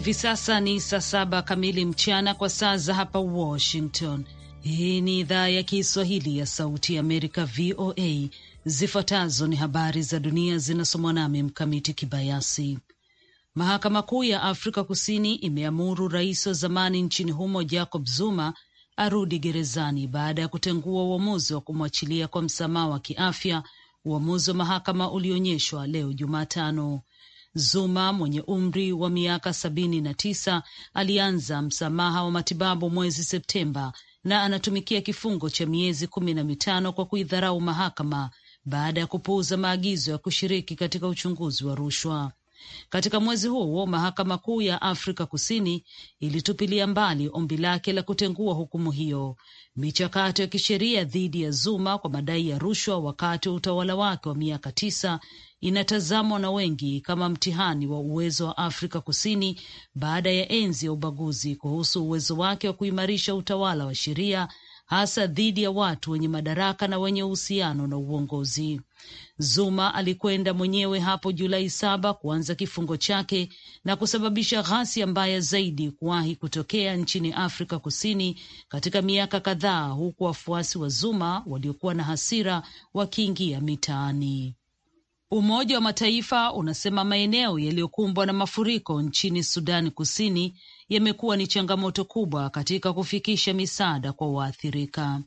Hivi sasa ni saa saba kamili mchana kwa saa za hapa Washington. Hii ni idhaa ya Kiswahili ya Sauti ya Amerika, VOA. Zifuatazo ni habari za dunia zinasomwa nami Mkamiti Kibayasi. Mahakama Kuu ya Afrika Kusini imeamuru rais wa zamani nchini humo Jacob Zuma arudi gerezani baada ya kutengua uamuzi wa kumwachilia kwa msamaha wa kiafya, uamuzi wa mahakama ulionyeshwa leo Jumatano. Zuma mwenye umri wa miaka sabini na tisa alianza msamaha wa matibabu mwezi Septemba na anatumikia kifungo cha miezi kumi na mitano kwa kuidharau mahakama baada ya kupuuza maagizo ya kushiriki katika uchunguzi wa rushwa. Katika mwezi huo mahakama kuu ya Afrika Kusini ilitupilia mbali ombi lake la kutengua hukumu hiyo. Michakato ya kisheria dhidi ya Zuma kwa madai ya rushwa wakati wa utawala wake wa miaka tisa inatazamwa na wengi kama mtihani wa uwezo wa Afrika Kusini baada ya enzi ya ubaguzi kuhusu uwezo wake wa kuimarisha utawala wa sheria hasa dhidi ya watu wenye madaraka na wenye uhusiano na uongozi. Zuma alikwenda mwenyewe hapo Julai saba kuanza kifungo chake na kusababisha ghasia mbaya zaidi kuwahi kutokea nchini Afrika Kusini katika miaka kadhaa, huku wafuasi wa Zuma waliokuwa na hasira wakiingia mitaani. Umoja wa Mataifa unasema maeneo yaliyokumbwa na mafuriko nchini Sudani Kusini yamekuwa ni changamoto kubwa katika kufikisha misaada kwa waathirika.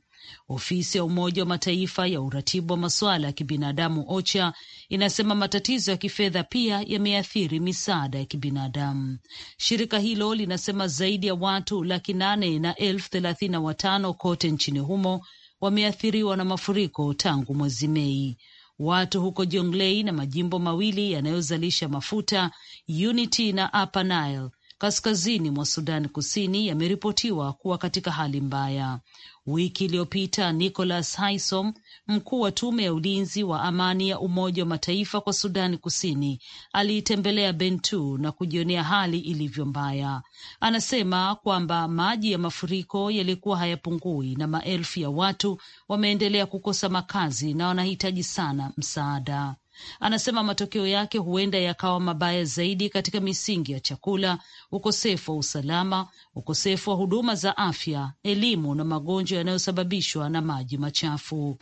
Ofisi ya Umoja wa Mataifa ya uratibu wa masuala ya kibinadamu OCHA inasema matatizo ya kifedha pia yameathiri misaada ya kibinadamu. Shirika hilo linasema zaidi ya watu laki nane na elfu thelathini na watano kote nchini humo wameathiriwa na mafuriko tangu mwezi Mei. Watu huko Jonglei na majimbo mawili yanayozalisha mafuta, Unity na Upper Nile kaskazini mwa Sudan Kusini yameripotiwa kuwa katika hali mbaya. Wiki iliyopita Nicholas Haysom, mkuu wa tume ya ulinzi wa amani ya Umoja wa Mataifa kwa Sudani Kusini, aliitembelea Bentu na kujionea hali ilivyo mbaya. Anasema kwamba maji ya mafuriko yalikuwa hayapungui na maelfu ya watu wameendelea kukosa makazi na wanahitaji sana msaada. Anasema matokeo yake huenda yakawa mabaya zaidi katika misingi ya chakula, ukosefu wa usalama, ukosefu wa huduma za afya, elimu na magonjwa yanayosababishwa na maji machafu.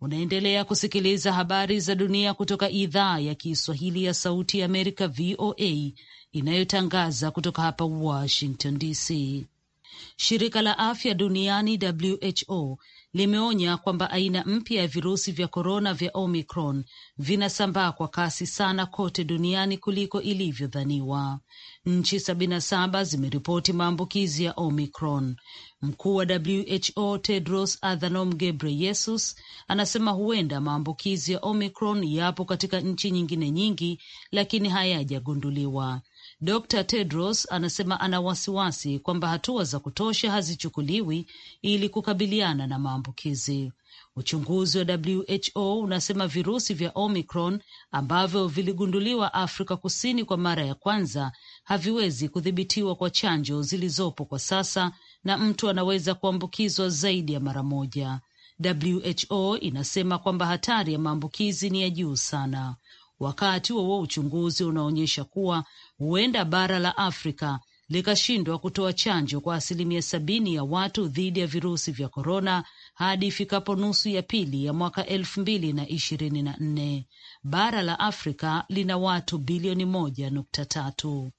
Unaendelea kusikiliza habari za dunia kutoka idhaa ya Kiswahili ya Sauti ya Amerika, VOA, inayotangaza kutoka hapa Washington DC. Shirika la afya duniani WHO limeonya kwamba aina mpya ya virusi vya korona vya Omicron vinasambaa kwa kasi sana kote duniani kuliko ilivyodhaniwa. Nchi sabini na saba zimeripoti maambukizi ya Omicron. Mkuu wa WHO Tedros Adhanom Ghebreyesus anasema huenda maambukizi ya Omicron yapo katika nchi nyingine nyingi, lakini hayajagunduliwa. Dr. Tedros anasema ana wasiwasi kwamba hatua za kutosha hazichukuliwi ili kukabiliana na maambukizi. Uchunguzi wa WHO unasema virusi vya Omicron ambavyo viligunduliwa Afrika Kusini kwa mara ya kwanza haviwezi kudhibitiwa kwa chanjo zilizopo kwa sasa na mtu anaweza kuambukizwa zaidi ya mara moja. WHO inasema kwamba hatari ya maambukizi ni ya juu sana wakati wa huo uchunguzi unaonyesha kuwa huenda bara la Afrika likashindwa kutoa chanjo kwa asilimia sabini ya watu dhidi ya virusi vya korona hadi ifikapo nusu ya pili ya mwaka elfu mbili na ishirini na nne. Bara la Afrika lina watu bilioni moja nukta tatu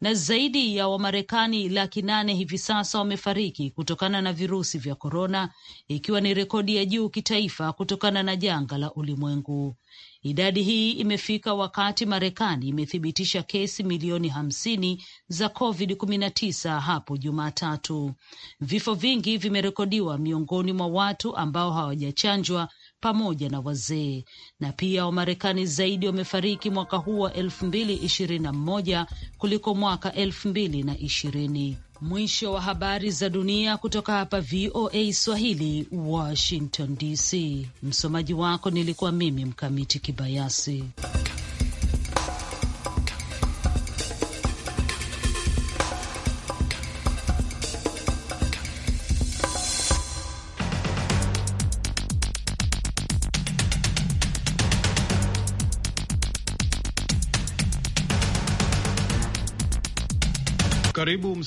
na zaidi ya Wamarekani laki nane hivi sasa wamefariki kutokana na virusi vya korona, ikiwa ni rekodi ya juu kitaifa kutokana na janga la ulimwengu. Idadi hii imefika wakati Marekani imethibitisha kesi milioni hamsini za COVID-19 hapo Jumatatu. Vifo vingi vimerekodiwa miongoni mwa watu ambao hawajachanjwa pamoja na wazee na pia Wamarekani zaidi wamefariki mwaka huu wa elfu mbili ishirini na mmoja kuliko mwaka elfu mbili na ishirini. Mwisho wa habari za dunia kutoka hapa VOA Swahili, Washington DC. Msomaji wako nilikuwa mimi Mkamiti Kibayasi.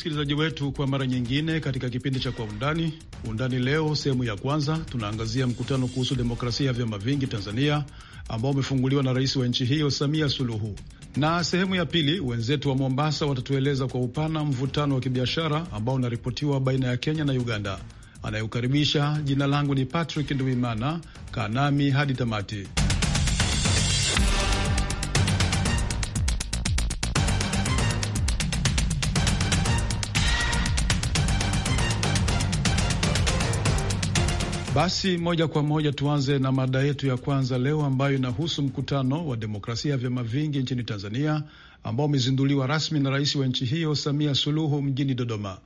msikilizaji wetu kwa mara nyingine katika kipindi cha kwa undani undani. Leo sehemu ya kwanza, tunaangazia mkutano kuhusu demokrasia ya vyama vingi Tanzania ambao umefunguliwa na rais wa nchi hiyo Samia Suluhu, na sehemu ya pili, wenzetu wa Mombasa watatueleza kwa upana mvutano wa kibiashara ambao unaripotiwa baina ya Kenya na Uganda. Anayeukaribisha jina langu ni Patrick Nduimana. Kaa nami hadi tamati. Basi moja kwa moja tuanze na mada yetu ya kwanza leo ambayo inahusu mkutano wa demokrasia ya vyama vingi nchini Tanzania ambao umezinduliwa rasmi na rais wa nchi hiyo Samia Suluhu mjini Dodoma.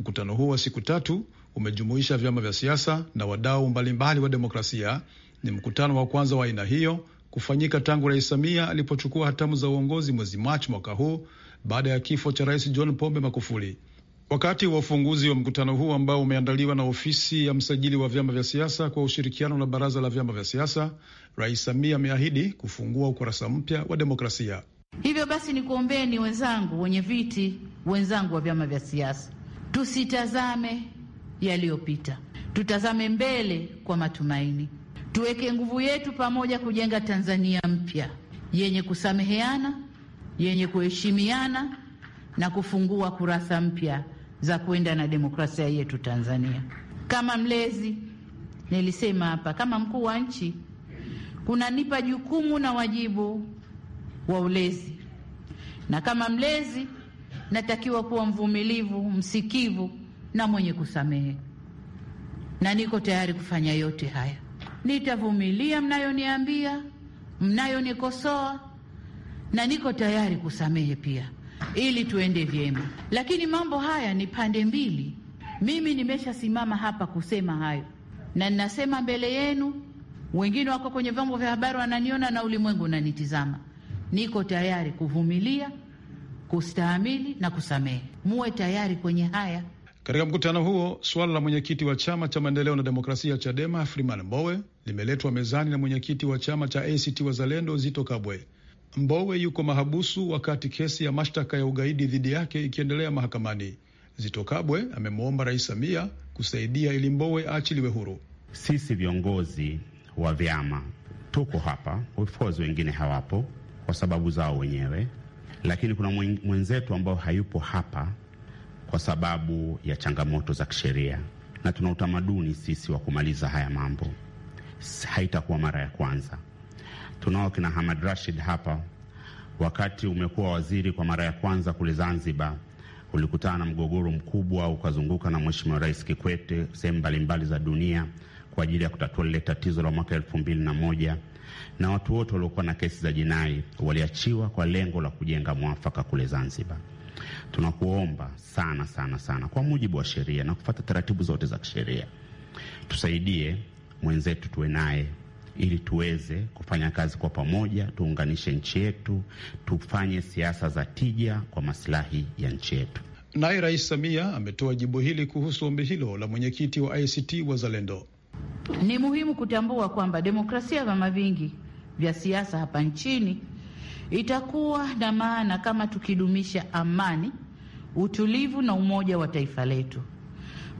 Mkutano huu wa siku tatu umejumuisha vyama vya siasa na wadau mbalimbali wa demokrasia. Ni mkutano wa kwanza wa aina hiyo kufanyika tangu Rais Samia alipochukua hatamu za uongozi mwezi Machi mwaka huu baada ya kifo cha Rais John Pombe Magufuli. Wakati wa ufunguzi wa mkutano huu ambao umeandaliwa na ofisi ya msajili wa vyama vya siasa kwa ushirikiano na baraza la vyama vya siasa, Rais Samia ameahidi kufungua ukurasa mpya wa demokrasia. Hivyo basi, nikuombeni wenzangu, wenye viti wenzangu wa vyama vya siasa, tusitazame yaliyopita, tutazame mbele kwa matumaini, tuweke nguvu yetu pamoja kujenga Tanzania mpya yenye kusameheana, yenye kuheshimiana na kufungua kurasa mpya za kuenda na demokrasia yetu Tanzania. Kama mlezi, nilisema hapa, kama mkuu wa nchi, kunanipa jukumu na wajibu wa ulezi, na kama mlezi natakiwa kuwa mvumilivu, msikivu na mwenye kusamehe, na niko tayari kufanya yote haya. Nitavumilia mnayoniambia, mnayonikosoa, na niko tayari kusamehe pia ili tuende vyema. Lakini mambo haya ni pande mbili. Mimi nimeshasimama hapa kusema hayo na ninasema mbele yenu, wengine wako kwenye vyombo vya habari wananiona na ulimwengu unanitizama. Niko tayari kuvumilia, kustahamili na kusamehe. Muwe tayari kwenye haya. Katika mkutano huo suala la mwenyekiti wa chama cha maendeleo na demokrasia CHADEMA Freeman Mbowe limeletwa mezani na mwenyekiti wa chama cha ACT Wazalendo Zito Kabwe. Mbowe yuko mahabusu wakati kesi ya mashtaka ya ugaidi dhidi yake ikiendelea mahakamani. Zito Kabwe amemwomba Rais Samia kusaidia ili Mbowe aachiliwe huru. Sisi viongozi wa vyama tuko hapa, of course wengine hawapo kwa sababu zao wenyewe, lakini kuna mwenzetu ambao hayupo hapa kwa sababu ya changamoto za kisheria, na tuna utamaduni sisi wa kumaliza haya mambo. Haitakuwa mara ya kwanza Tunao kina Hamad Rashid hapa, wakati umekuwa waziri kwa mara ya kwanza kule Zanzibar ulikutana na mgogoro mkubwa, ukazunguka na Mheshimiwa Rais Kikwete sehemu mbalimbali za dunia kwa ajili ya kutatua lile tatizo la mwaka elfu mbili na moja na watu wote waliokuwa na kesi za jinai waliachiwa kwa lengo la kujenga mwafaka kule Zanzibar. Tunakuomba sana sana sana, kwa mujibu wa sheria na kufata taratibu zote za kisheria, tusaidie mwenzetu, tuwe naye ili tuweze kufanya kazi kwa pamoja, tuunganishe nchi yetu, tufanye siasa za tija kwa masilahi ya nchi yetu. Naye Rais Samia ametoa jibu hili kuhusu ombi hilo la mwenyekiti wa ACT Wazalendo. Ni muhimu kutambua kwamba demokrasia ya vyama vingi vya siasa hapa nchini itakuwa na maana kama tukidumisha amani, utulivu na umoja wa taifa letu,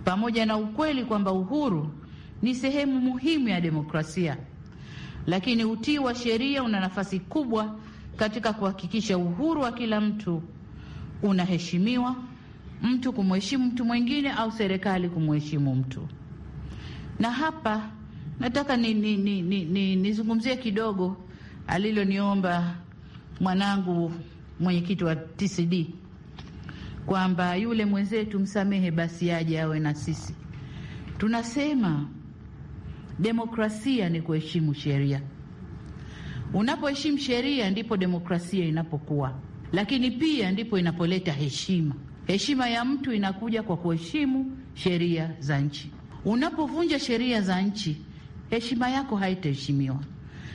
pamoja na ukweli kwamba uhuru ni sehemu muhimu ya demokrasia lakini utii wa sheria una nafasi kubwa katika kuhakikisha uhuru wa kila mtu unaheshimiwa, mtu kumheshimu mtu mwingine au serikali kumheshimu mtu. Na hapa nataka nizungumzie ni, ni, ni, ni kidogo aliloniomba mwanangu mwenyekiti wa TCD kwamba yule mwenzetu msamehe basi aje awe na sisi. Tunasema Demokrasia ni kuheshimu sheria. Unapoheshimu sheria, ndipo demokrasia inapokuwa, lakini pia ndipo inapoleta heshima. Heshima ya mtu inakuja kwa kuheshimu sheria za nchi. Unapovunja sheria za nchi, heshima yako haitaheshimiwa,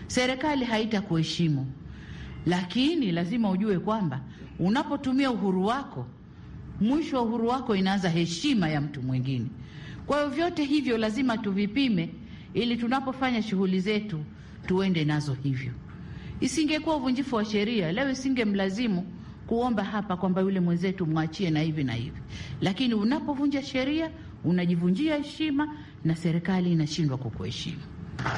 serikali haitakuheshimu. Lakini lazima ujue kwamba unapotumia uhuru wako, mwisho wa uhuru wako inaanza heshima ya mtu mwingine. Kwa hiyo vyote hivyo lazima tuvipime ili tunapofanya shughuli zetu tuende nazo hivyo. Isingekuwa uvunjifu wa sheria, leo isingemlazimu kuomba hapa kwamba yule mwenzetu mwachie na hivi na hivi, lakini unapovunja sheria unajivunjia heshima na serikali inashindwa kukuheshimu.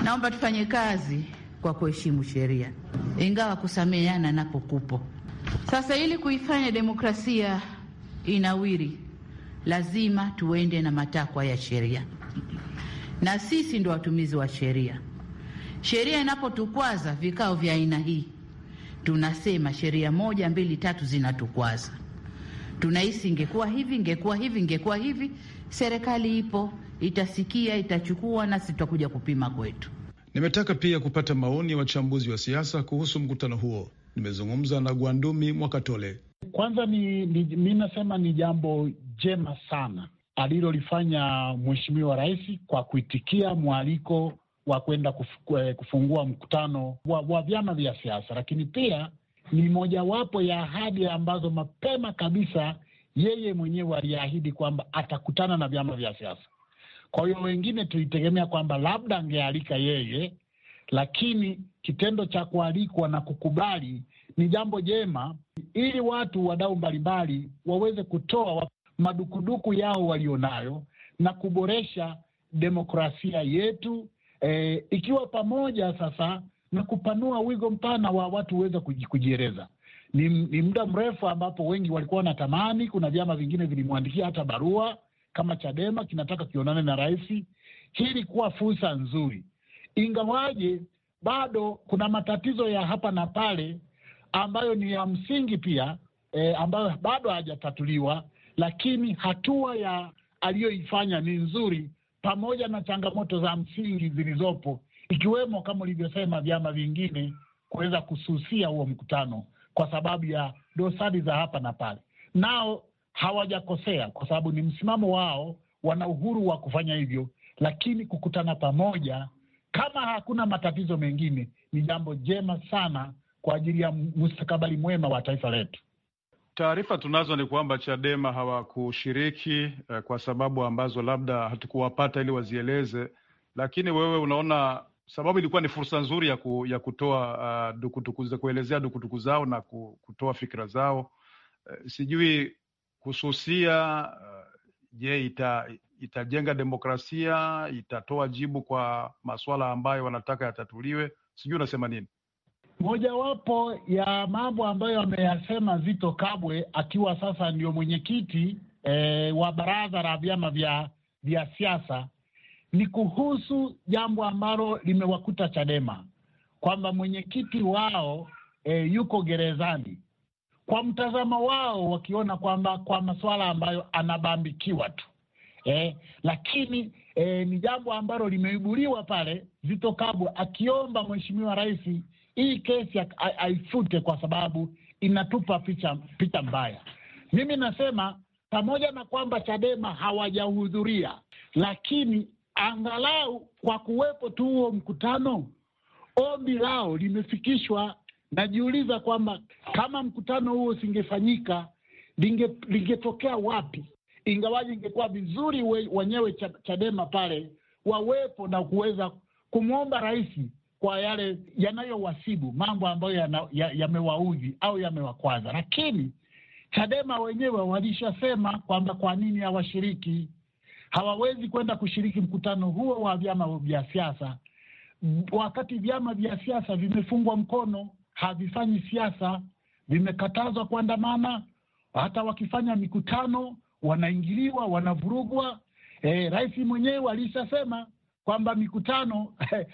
Naomba tufanye kazi kwa kuheshimu sheria, ingawa kusameheana napo kupo. Sasa ili kuifanya demokrasia inawiri, lazima tuende na matakwa ya sheria na sisi ndio watumizi wa sheria. Sheria inapotukwaza vikao vya aina hii, tunasema sheria moja, mbili, tatu zinatukwaza. Tunahisi ingekuwa hivi, ingekuwa hivi, ingekuwa hivi. Serikali ipo, itasikia, itachukua, nasi tutakuja kupima kwetu. Nimetaka pia kupata maoni ya wachambuzi wa siasa kuhusu mkutano huo. Nimezungumza na Gwandumi Mwakatole. Kwanza mi, mi, mi nasema ni jambo jema sana alilolifanya Mheshimiwa Rais kwa kuitikia mwaliko wa kwenda eh, kufungua mkutano wa, wa vyama vya siasa, lakini pia ni mojawapo ya ahadi ambazo mapema kabisa yeye mwenyewe aliahidi kwamba atakutana na vyama vya siasa. Kwa hiyo wengine tulitegemea kwamba labda angealika yeye, lakini kitendo cha kualikwa na kukubali ni jambo jema, ili watu wadau mbalimbali waweze kutoa madukuduku yao walionayo na kuboresha demokrasia yetu e, ikiwa pamoja sasa na kupanua wigo mpana wa watu huweza kujieleza. Ni, ni muda mrefu ambapo wengi walikuwa wanatamani. Kuna vyama vingine vilimwandikia hata barua kama Chadema kinataka kionane na rais. Hii ilikuwa fursa nzuri, ingawaje bado kuna matatizo ya hapa na pale ambayo ni ya msingi pia e, ambayo bado hayajatatuliwa lakini hatua ya aliyoifanya ni nzuri, pamoja na changamoto za msingi zilizopo, ikiwemo kama ulivyosema vyama vingine kuweza kususia huo mkutano kwa sababu ya dosari za hapa na pale. Nao hawajakosea kwa sababu ni msimamo wao, wana uhuru wa kufanya hivyo, lakini kukutana pamoja kama hakuna matatizo mengine ni jambo jema sana kwa ajili ya mustakabali mwema wa taifa letu. Taarifa tunazo ni kwamba Chadema hawakushiriki eh, kwa sababu ambazo labda hatukuwapata ili wazieleze, lakini wewe unaona sababu ilikuwa ni fursa nzuri ya, ku, ya kutoa uh, ah, dukutuku, za kuelezea dukuduku zao na kutoa fikira zao eh, sijui kususia eh, je, uh, ita, itajenga demokrasia, itatoa jibu kwa masuala ambayo wanataka yatatuliwe, sijui unasema nini? Mojawapo ya mambo ambayo ameyasema Zito Kabwe akiwa sasa ndio mwenyekiti e, wa baraza la vyama vya, vya siasa ni kuhusu jambo ambalo limewakuta Chadema kwamba mwenyekiti wao e, yuko gerezani. Kwa mtazamo wao wakiona kwamba kwa masuala ambayo anabambikiwa tu e, lakini e, ni jambo ambalo limeibuliwa pale Zito Kabwe akiomba mheshimiwa rais hii kesi haifute kwa sababu inatupa picha, picha mbaya. Mimi nasema pamoja na kwamba Chadema hawajahudhuria, lakini angalau kwa kuwepo tu huo mkutano, ombi lao limefikishwa. Najiuliza kwamba kama mkutano huo usingefanyika lingetokea wapi? Ingawaji ingekuwa vizuri wenyewe Chadema pale wawepo na kuweza kumwomba rais kwa yale yanayowasibu, mambo ambayo yamewaudhi ya, ya au yamewakwaza. Lakini Chadema wenyewe walishasema kwamba kwa nini hawashiriki, hawawezi kwenda kushiriki mkutano huo wa vyama vya siasa wakati vyama vya siasa vimefungwa mkono, havifanyi siasa, vimekatazwa kuandamana. Hata wakifanya mikutano wanaingiliwa, wanavurugwa. E, rais mwenyewe alishasema kwamba mikutano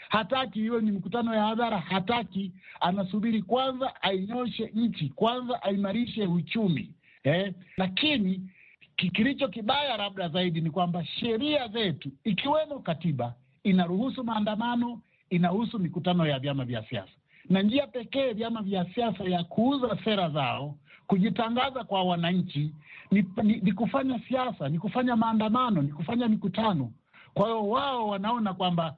hataki iwe ni mikutano ya hadhara, hataki. Anasubiri kwanza ainyoshe nchi, kwanza aimarishe uchumi eh. Lakini kilicho kibaya labda zaidi ni kwamba sheria zetu ikiwemo katiba inaruhusu maandamano, inaruhusu mikutano ya vyama vya siasa, na njia pekee vyama vya siasa ya kuuza sera zao, kujitangaza kwa wananchi ni, ni, ni kufanya siasa, ni kufanya maandamano, ni kufanya mikutano kwa hiyo wao wanaona kwamba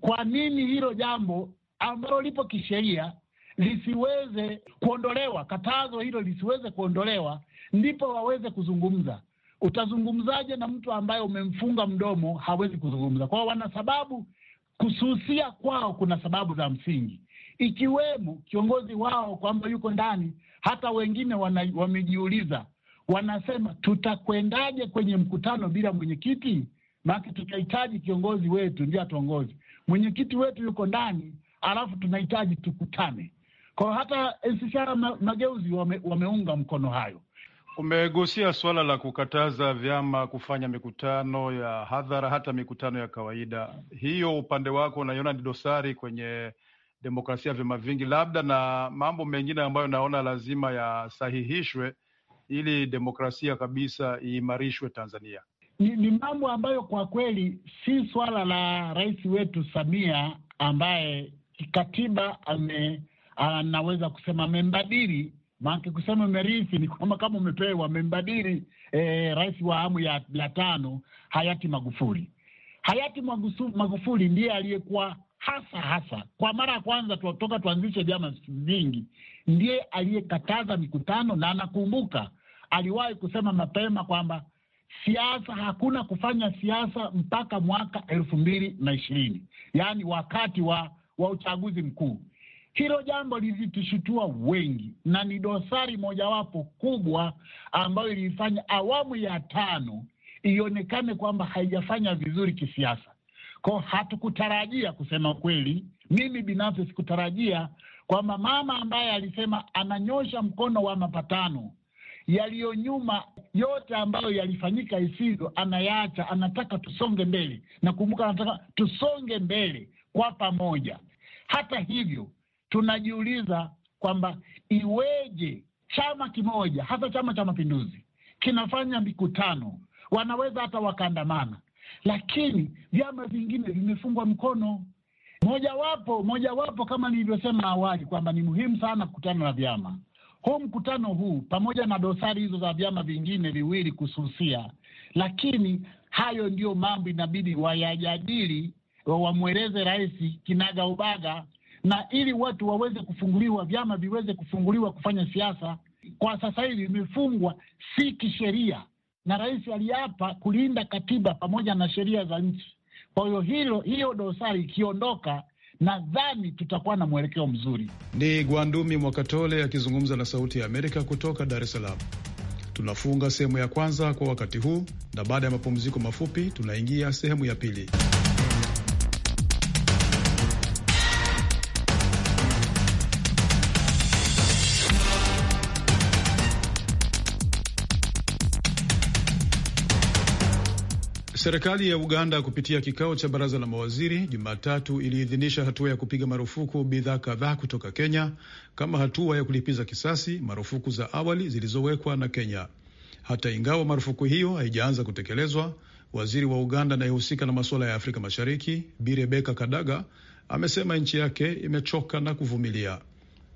kwa nini hilo jambo ambalo lipo kisheria lisiweze kuondolewa, katazo hilo lisiweze kuondolewa, ndipo waweze kuzungumza. Utazungumzaje na mtu ambaye umemfunga mdomo? Hawezi kuzungumza. Kwao wana sababu kususia kwao, kuna sababu za msingi ikiwemo kiongozi wao kwamba yuko ndani. Hata wengine wana, wamejiuliza wanasema tutakwendaje kwenye mkutano bila mwenyekiti? maake tutahitaji kiongozi wetu ndio atuongozi. Mwenyekiti wetu yuko ndani, alafu tunahitaji tukutane kwa hata NCCR Mageuzi wame, wameunga mkono hayo. Umegusia suala la kukataza vyama kufanya mikutano ya hadhara hata mikutano ya kawaida. Hiyo upande wako unaiona ni dosari kwenye demokrasia ya vyama vingi, labda na mambo mengine ambayo naona lazima yasahihishwe ili demokrasia kabisa iimarishwe Tanzania? ni, ni mambo ambayo kwa kweli si swala la rais wetu Samia ambaye kikatiba ame anaweza kusema amembadili. Maana kusema merithi ni kwamba kama umepewa amembadili eh, rais wa awamu ya, ya tano hayati Magufuli. Hayati Magufuli ndiye aliyekuwa hasa hasa kwa mara ya kwanza toka tuanzishe vyama vingi, ndiye aliyekataza mikutano, na anakumbuka aliwahi kusema mapema kwamba siasa, hakuna kufanya siasa mpaka mwaka elfu mbili na ishirini, yaani wakati wa, wa uchaguzi mkuu. Hilo jambo lilitushutua wengi na ni dosari mojawapo kubwa ambayo ilifanya awamu ya tano ionekane kwamba haijafanya vizuri kisiasa. Kwa hatukutarajia, kusema kweli, mimi binafsi sikutarajia kwamba mama ambaye alisema ananyosha mkono wa mapatano yaliyo nyuma yote ambayo yalifanyika isizo anayaacha. Anataka tusonge mbele, na kumbuka, anataka tusonge mbele kwa pamoja. Hata hivyo, tunajiuliza kwamba iweje chama kimoja, hasa Chama cha Mapinduzi, kinafanya mikutano, wanaweza hata wakaandamana, lakini vyama vingine vimefungwa mkono mojawapo mojawapo, kama nilivyosema awali kwamba ni muhimu sana kukutana na vyama huu mkutano huu pamoja na dosari hizo za vyama vingine viwili kususia, lakini hayo ndiyo mambo inabidi wayajadili, wamweleze rais kinaga ubaga, na ili watu waweze kufunguliwa, vyama viweze kufunguliwa kufanya siasa. Kwa sasa hivi imefungwa, si kisheria, na rais aliapa kulinda katiba pamoja na sheria za nchi. Kwa hiyo hilo, hiyo dosari ikiondoka nadhani tutakuwa na mwelekeo mzuri. Ni Gwandumi Mwakatole akizungumza na Sauti ya Amerika kutoka Dar es Salaam. Tunafunga sehemu ya kwanza kwa wakati huu, na baada ya mapumziko mafupi tunaingia sehemu ya pili. Serikali ya Uganda kupitia kikao cha baraza la mawaziri Jumatatu iliidhinisha hatua ya kupiga marufuku bidhaa kadhaa kutoka Kenya kama hatua ya kulipiza kisasi marufuku za awali zilizowekwa na Kenya. Hata ingawa marufuku hiyo haijaanza kutekelezwa, waziri wa Uganda anayehusika na masuala ya Afrika Mashariki Bi Rebeka Kadaga amesema nchi yake imechoka na kuvumilia.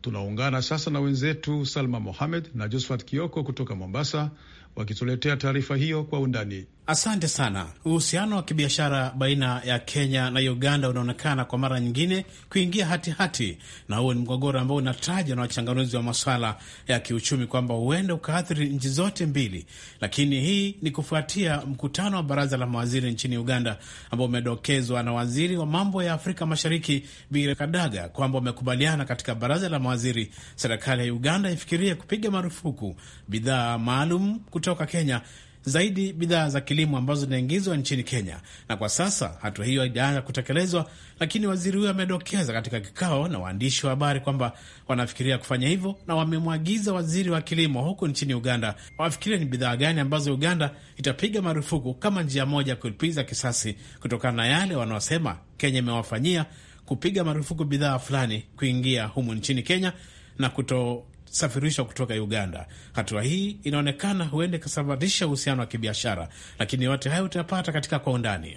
Tunaungana sasa na wenzetu Salma Mohamed na Josephat Kioko kutoka Mombasa wakituletea taarifa hiyo kwa undani. Asante sana. Uhusiano wa kibiashara baina ya Kenya na Uganda unaonekana kwa mara nyingine kuingia hatihati hati. Na huo ni mgogoro ambao unatajwa na wachanganuzi wa maswala ya kiuchumi kwamba huenda ukaathiri nchi zote mbili, lakini hii ni kufuatia mkutano wa baraza la mawaziri nchini Uganda ambao umedokezwa na waziri wa mambo ya Afrika Mashariki Bire Kadaga kwamba wamekubaliana katika baraza la mawaziri serikali ya Uganda ifikirie kupiga marufuku bidhaa maalum kutoka Kenya zaidi bidhaa za kilimo ambazo zinaingizwa nchini Kenya, na kwa sasa hatua hiyo haijaanza kutekelezwa, lakini waziri huyo amedokeza katika kikao na waandishi wa habari kwamba wanafikiria kufanya hivyo, na wamemwagiza waziri wa kilimo huku nchini Uganda wafikiria ni bidhaa gani ambazo Uganda itapiga marufuku kama njia moja ya kulipiza kisasi kutokana na yale wanaosema Kenya imewafanyia, kupiga marufuku bidhaa fulani kuingia humu nchini Kenya na kuto kusafirishwa kutoka Uganda. Hatua hii inaonekana huenda ikasababisha uhusiano wa kibiashara, lakini yote hayo utayapata katika kwa undani.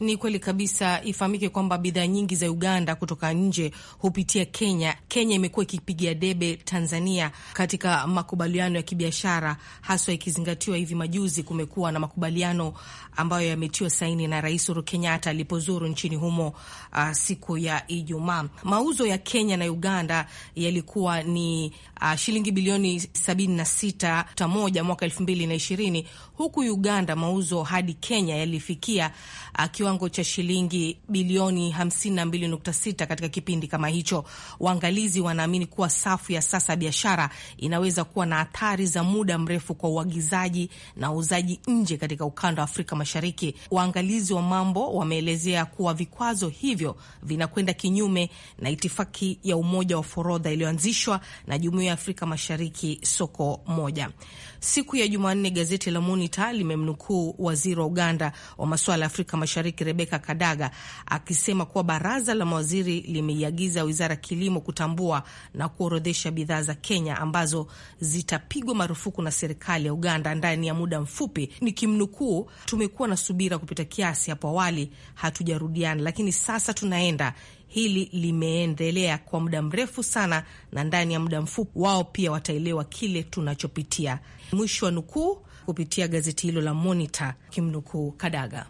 Ni kweli kabisa. Ifahamike kwamba bidhaa nyingi za Uganda kutoka nje hupitia Kenya. Kenya imekuwa ikipigia debe Tanzania katika makubaliano ya kibiashara, haswa ikizingatiwa hivi majuzi kumekuwa na makubaliano ambayo yametiwa saini na Rais Uhuru Kenyatta alipozuru nchini humo uh, siku ya Ijumaa. Mauzo ya Kenya na Uganda yalikuwa ni uh, shilingi bilioni 76.1 mwaka 2020 huku Uganda mauzo hadi Kenya yalifikia kiwango cha shilingi bilioni 52.6 katika kipindi kama hicho. Waangalizi wanaamini kuwa safu ya sasa biashara inaweza kuwa na athari za muda mrefu kwa uagizaji na uuzaji nje katika ukanda wa Afrika Mashariki. Waangalizi wa mambo wameelezea kuwa vikwazo hivyo vinakwenda kinyume na itifaki ya umoja wa forodha iliyoanzishwa na Jumuiya ya Afrika Mashariki, soko moja. Siku ya Jumanne, gazeti la Monitor limemnukuu waziri wa Uganda wa masuala ya Afrika Mashariki rebeka Kadaga akisema kuwa baraza la mawaziri limeiagiza wizara ya kilimo kutambua na kuorodhesha bidhaa za Kenya ambazo zitapigwa marufuku na serikali ya Uganda ndani ya muda mfupi. Nikimnukuu, tumekuwa na subira kupita kiasi hapo awali, hatujarudiana, lakini sasa tunaenda hili limeendelea kwa muda mrefu sana, na ndani ya muda mfupi wao pia wataelewa kile tunachopitia. Mwisho wa nukuu kupitia gazeti hilo la Monitor, kimnukuu Kadaga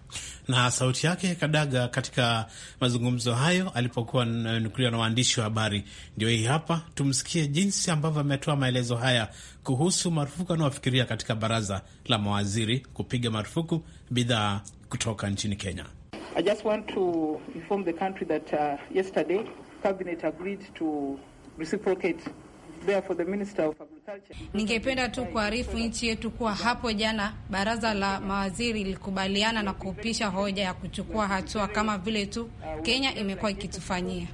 na sauti yake Kadaga katika mazungumzo hayo alipokuwa nanukuliwa na waandishi wa habari. Ndio hii hapa, tumsikie jinsi ambavyo ametoa maelezo haya kuhusu marufuku anaofikiria katika baraza la mawaziri kupiga marufuku bidhaa kutoka nchini Kenya. I just want to inform the country that uh, yesterday cabinet agreed to reciprocate therefore the minister of agriculture. Ningependa tu kuarifu nchi yetu kuwa hapo jana baraza la mawaziri lilikubaliana na kuupisha hoja ya kuchukua hatua kama vile tu Kenya imekuwa ikitufanyia.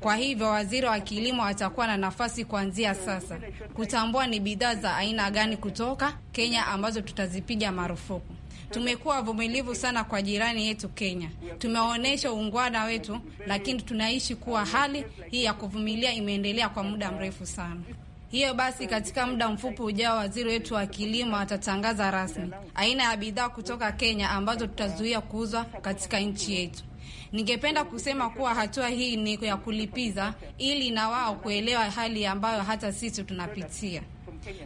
Kwa hivyo waziri wa kilimo atakuwa na nafasi kuanzia sasa kutambua ni bidhaa za aina gani kutoka Kenya ambazo tutazipiga marufuku. Tumekuwa wavumilivu sana kwa jirani yetu Kenya, tumeonyesha uungwana wetu, lakini tunaishi kuwa hali hii ya kuvumilia imeendelea kwa muda mrefu sana. Hiyo basi, katika muda mfupi ujao, waziri wetu wa kilimo atatangaza rasmi aina ya bidhaa kutoka Kenya ambazo tutazuia kuuzwa katika nchi yetu. Ningependa kusema kuwa hatua hii ni ya kulipiza, ili na wao kuelewa hali ambayo hata sisi tunapitia.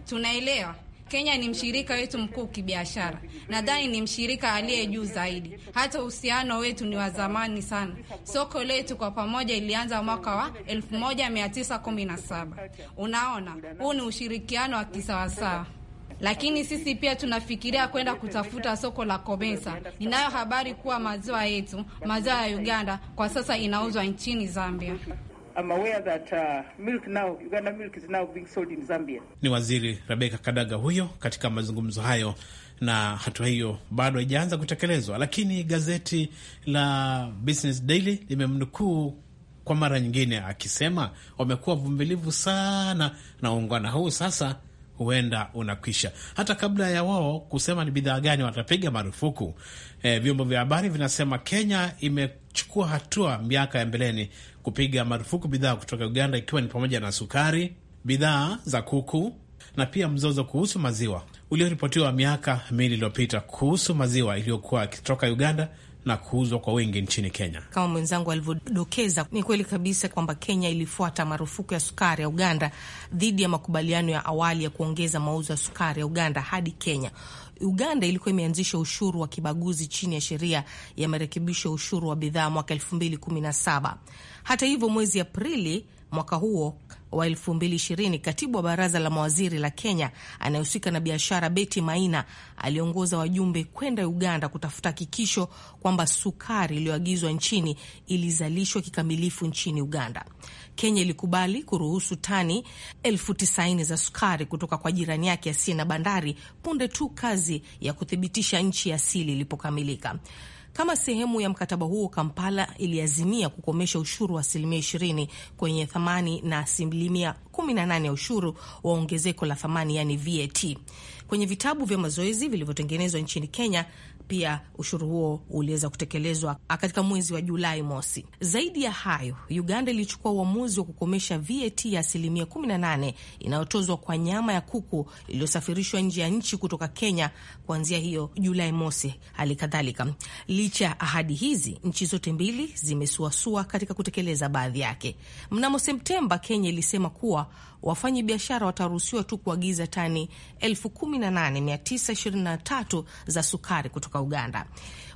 Tunaelewa Kenya ni mshirika wetu mkuu kibiashara, nadhani ni mshirika aliye juu zaidi. Hata uhusiano wetu ni wa zamani sana. Soko letu kwa pamoja ilianza mwaka wa 1917. Unaona, huu ni ushirikiano wa kisawasawa lakini sisi pia tunafikiria kwenda kutafuta soko la Komesa. Ninayo habari kuwa maziwa yetu, maziwa ya Uganda, kwa sasa inauzwa nchini Zambia. Ni Waziri Rebeka Kadaga huyo katika mazungumzo hayo, na hatua hiyo bado haijaanza kutekelezwa, lakini gazeti la Business Daily limemnukuu kwa mara nyingine akisema wamekuwa vumilivu sana na uungwana huu sasa huenda unakwisha. Hata kabla ya wao kusema ni bidhaa gani watapiga marufuku, e, vyombo vya habari vinasema Kenya imechukua hatua miaka ya mbeleni kupiga marufuku bidhaa kutoka Uganda, ikiwa ni pamoja na sukari, bidhaa za kuku na pia mzozo kuhusu maziwa ulioripotiwa miaka miwili iliyopita kuhusu maziwa iliyokuwa akitoka Uganda na kuuzwa kwa wengi nchini Kenya. Kama mwenzangu alivyodokeza, ni kweli kabisa kwamba Kenya ilifuata marufuku ya sukari ya Uganda dhidi ya makubaliano ya awali ya kuongeza mauzo ya sukari ya Uganda hadi Kenya. Uganda ilikuwa imeanzisha ushuru wa kibaguzi chini ya sheria ya marekebisho ya ushuru wa bidhaa mwaka 217 Hata hivyo, mwezi Aprili mwaka huo wa 2020 katibu wa baraza la mawaziri la Kenya anayehusika na biashara Beti Maina aliongoza wajumbe kwenda Uganda kutafuta hakikisho kwamba sukari iliyoagizwa nchini ilizalishwa kikamilifu nchini Uganda. Kenya ilikubali kuruhusu tani elfu tisaini za sukari kutoka kwa jirani yake asiye na bandari punde tu kazi ya kuthibitisha nchi asili ilipokamilika. Kama sehemu ya mkataba huo, Kampala iliazimia kukomesha ushuru wa asilimia 20 kwenye thamani na asilimia 18 ya ushuru wa ongezeko la thamani, yani VAT. Kwenye vitabu vya mazoezi vilivyotengenezwa nchini Kenya, pia ushuru huo uliweza kutekelezwa katika mwezi wa Julai mosi. Zaidi ya hayo, Uganda ilichukua uamuzi wa kukomesha VAT ya asilimia 18 inayotozwa kwa nyama ya kuku iliyosafirishwa nje ya nchi kutoka Kenya kuanzia hiyo Julai mosi. Hali kadhalika, licha ya ahadi hizi, nchi zote mbili zimesuasua katika kutekeleza baadhi yake. Mnamo Septemba, Kenya ilisema kuwa wafanyi biashara wataruhusiwa tu kuagiza tani 18923 za sukari kutoka Uganda.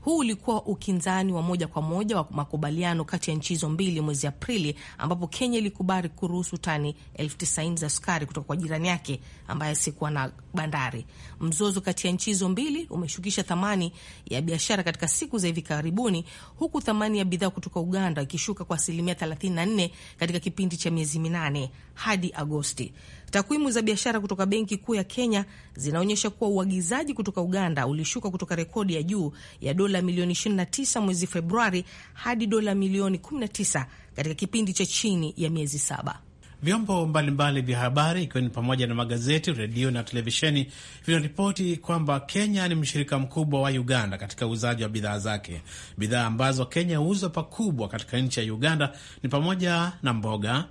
Huu ulikuwa ukinzani wa moja kwa moja wa makubaliano kati ya nchi hizo mbili mwezi Aprili, ambapo Kenya ilikubali kuruhusu tani elfu tisini za sukari kutoka kwa jirani yake ambaye asikuwa na bandari. Mzozo kati ya nchi hizo mbili umeshukisha thamani ya biashara katika siku za hivi karibuni, huku thamani ya bidhaa kutoka Uganda ikishuka kwa asilimia 34 katika kipindi cha miezi minane hadi Agosti. Takwimu za biashara kutoka Benki Kuu ya Kenya zinaonyesha kuwa uagizaji kutoka Uganda ulishuka kutoka rekodi ya juu ya dola milioni 29 mwezi Februari hadi dola milioni 19 katika kipindi cha chini ya miezi saba. Vyombo mbalimbali vya habari ikiwa ni pamoja na magazeti, redio na televisheni vinaripoti kwamba Kenya ni mshirika mkubwa wa Uganda katika uuzaji wa bidhaa zake. Bidhaa ambazo Kenya huuza pakubwa katika nchi ya Uganda ni pamoja na mboga,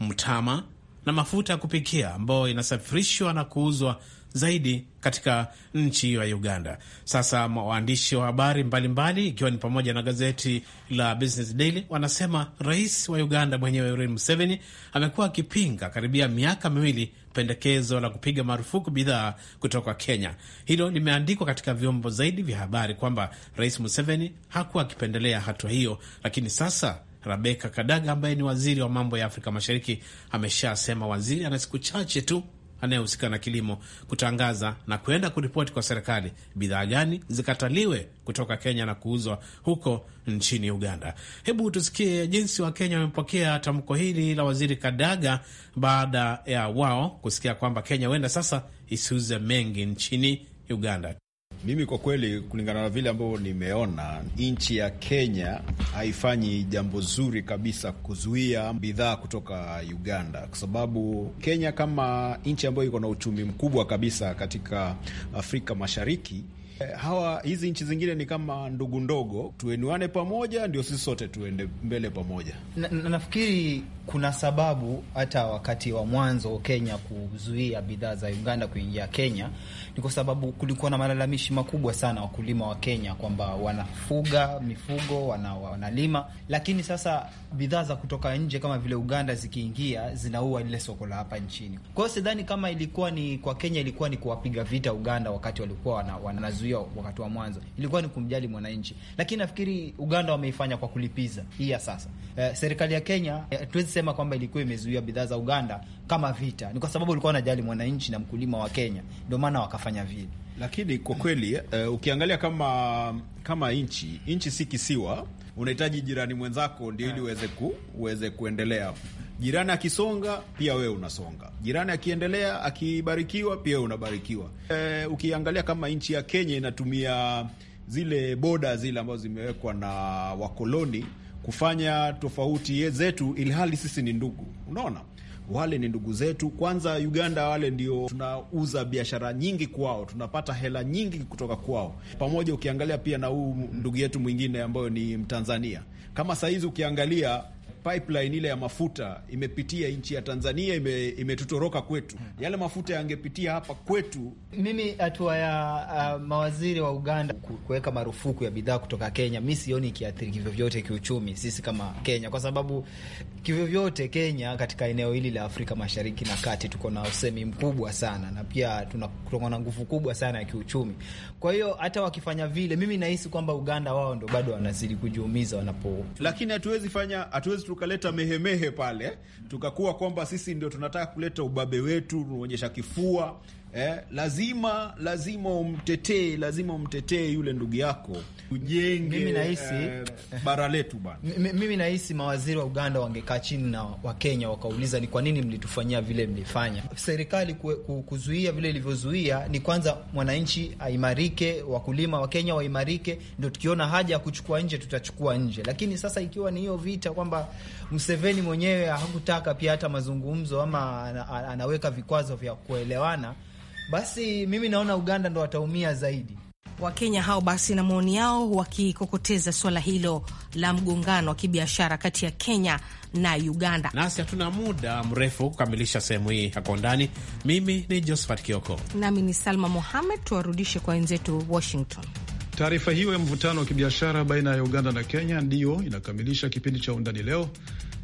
mtama na mafuta ya kupikia ambayo inasafirishwa na kuuzwa zaidi katika nchi hiyo ya Uganda. Sasa waandishi wa habari mbalimbali, ikiwa ni pamoja na gazeti la Business Daily, wanasema rais wa Uganda mwenyewe Yoweri Museveni amekuwa akipinga karibia miaka miwili pendekezo la kupiga marufuku bidhaa kutoka Kenya. Hilo limeandikwa katika vyombo zaidi vya habari kwamba rais Museveni hakuwa akipendelea hatua hiyo, lakini sasa Rebecca Kadaga ambaye ni waziri wa mambo ya Afrika Mashariki ameshasema waziri ana siku chache tu anayehusika na kilimo kutangaza na kuenda kuripoti kwa serikali bidhaa gani zikataliwe kutoka Kenya na kuuzwa huko nchini Uganda. Hebu tusikie jinsi Wakenya wamepokea tamko hili la waziri Kadaga baada ya wao kusikia kwamba Kenya huenda sasa isiuze mengi nchini Uganda. Mimi kwa kweli, kulingana na vile ambavyo nimeona, nchi ya Kenya haifanyi jambo zuri kabisa kuzuia bidhaa kutoka Uganda, kwa sababu Kenya kama nchi ambayo iko na uchumi mkubwa kabisa katika Afrika Mashariki, eh, hawa hizi nchi zingine ni kama ndugu ndogo, tuenuane pamoja ndio sisi sote tuende mbele pamoja. Na, na, nafikiri kuna sababu hata wakati wa mwanzo Kenya kuzuia bidhaa za Uganda kuingia Kenya ni kwa sababu kulikuwa na malalamishi makubwa sana wakulima wa Kenya kwamba wanafuga mifugo wana, wanalima, lakini sasa bidhaa za kutoka nje kama vile Uganda zikiingia zinaua lile soko la hapa nchini. Kwa hiyo sidhani kama ilikuwa ni kwa Kenya, ilikuwa ni kuwapiga vita Uganda wakati walikuwa wanazuia wana, wakati wa mwanzo, ilikuwa ni kumjali mwananchi, lakini nafikiri Uganda wameifanya kwa kulipiza hii ya sasa. Eh, serikali ya Kenya eh, sema kwamba ilikuwa imezuia bidhaa za Uganda kama vita, ni kwa sababu walikuwa wanajali mwananchi na mkulima wa Kenya, ndio maana wakafanya vile. Lakini kwa kweli uh, ukiangalia kama kama nchi nchi si kisiwa, unahitaji jirani mwenzako ndio ili eh. uweze ku, uweze kuendelea. Jirani akisonga pia wewe unasonga, jirani akiendelea akibarikiwa pia wewe unabarikiwa. Uh, ukiangalia kama nchi ya Kenya inatumia zile boda zile ambazo zimewekwa na wakoloni kufanya tofauti zetu, ili hali sisi ni ndugu. Unaona, wale ni ndugu zetu. Kwanza Uganda, wale ndio tunauza biashara nyingi kwao, tunapata hela nyingi kutoka kwao. Pamoja ukiangalia pia na huu ndugu yetu mwingine ambayo ni Mtanzania, kama sahizi ukiangalia pipeline ile ya mafuta imepitia nchi ya Tanzania, ime, imetutoroka kwetu. Yale mafuta yangepitia hapa kwetu. Mimi hatua ya uh, mawaziri wa Uganda kuweka marufuku ya bidhaa kutoka Kenya, mi sioni ikiathiri kivyovyote kiuchumi sisi kama Kenya, kwa sababu kivyovyote Kenya katika eneo hili la Afrika Mashariki na Kati tuko na usemi mkubwa sana na pia tunakutana na nguvu kubwa sana ya kiuchumi. Kwa hiyo hata wakifanya vile, mimi nahisi kwamba Uganda wao ndo bado wanazidi kujiumiza wanapo, lakini hatuwezi fanya hatuwezi tukaleta mehemehe pale, tukakuwa kwamba sisi ndio tunataka kuleta ubabe wetu, tunaonyesha kifua eh, lazima lazima umtetee, lazima umtetee yule ndugu yako, ujenge mimi nahisi, eh, bara letu bana. Mimi nahisi mawaziri wa Uganda wangekaa chini na Wakenya wakauliza ni kwa nini mlitufanyia vile mlifanya. Serikali kuzuia vile ilivyozuia ni kwanza mwananchi aimarike, wakulima Wakenya waimarike, ndio tukiona haja ya kuchukua nje tutachukua nje. Lakini sasa ikiwa ni hiyo vita kwamba Mseveni mwenyewe hakutaka pia hata mazungumzo ama anaweka vikwazo vya kuelewana basi mimi naona Uganda ndo wataumia zaidi. Wakenya hao basi na maoni yao wakikokoteza suala hilo la mgongano wa kibiashara kati ya Kenya na Uganda. Nasi hatuna muda mrefu kukamilisha sehemu hii ya Kwa Undani. Mimi ni Josephat Kioko nami ni Salma Mohamed. Tuwarudishe kwa wenzetu Washington. Taarifa hiyo ya mvutano wa kibiashara baina ya Uganda na Kenya ndiyo inakamilisha kipindi cha Undani leo.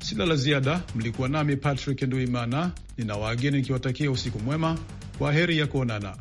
Sina la ziada, mlikuwa nami Patrick Nduimana, ninawaageni nikiwatakia usiku mwema kwa heri ya kuonana.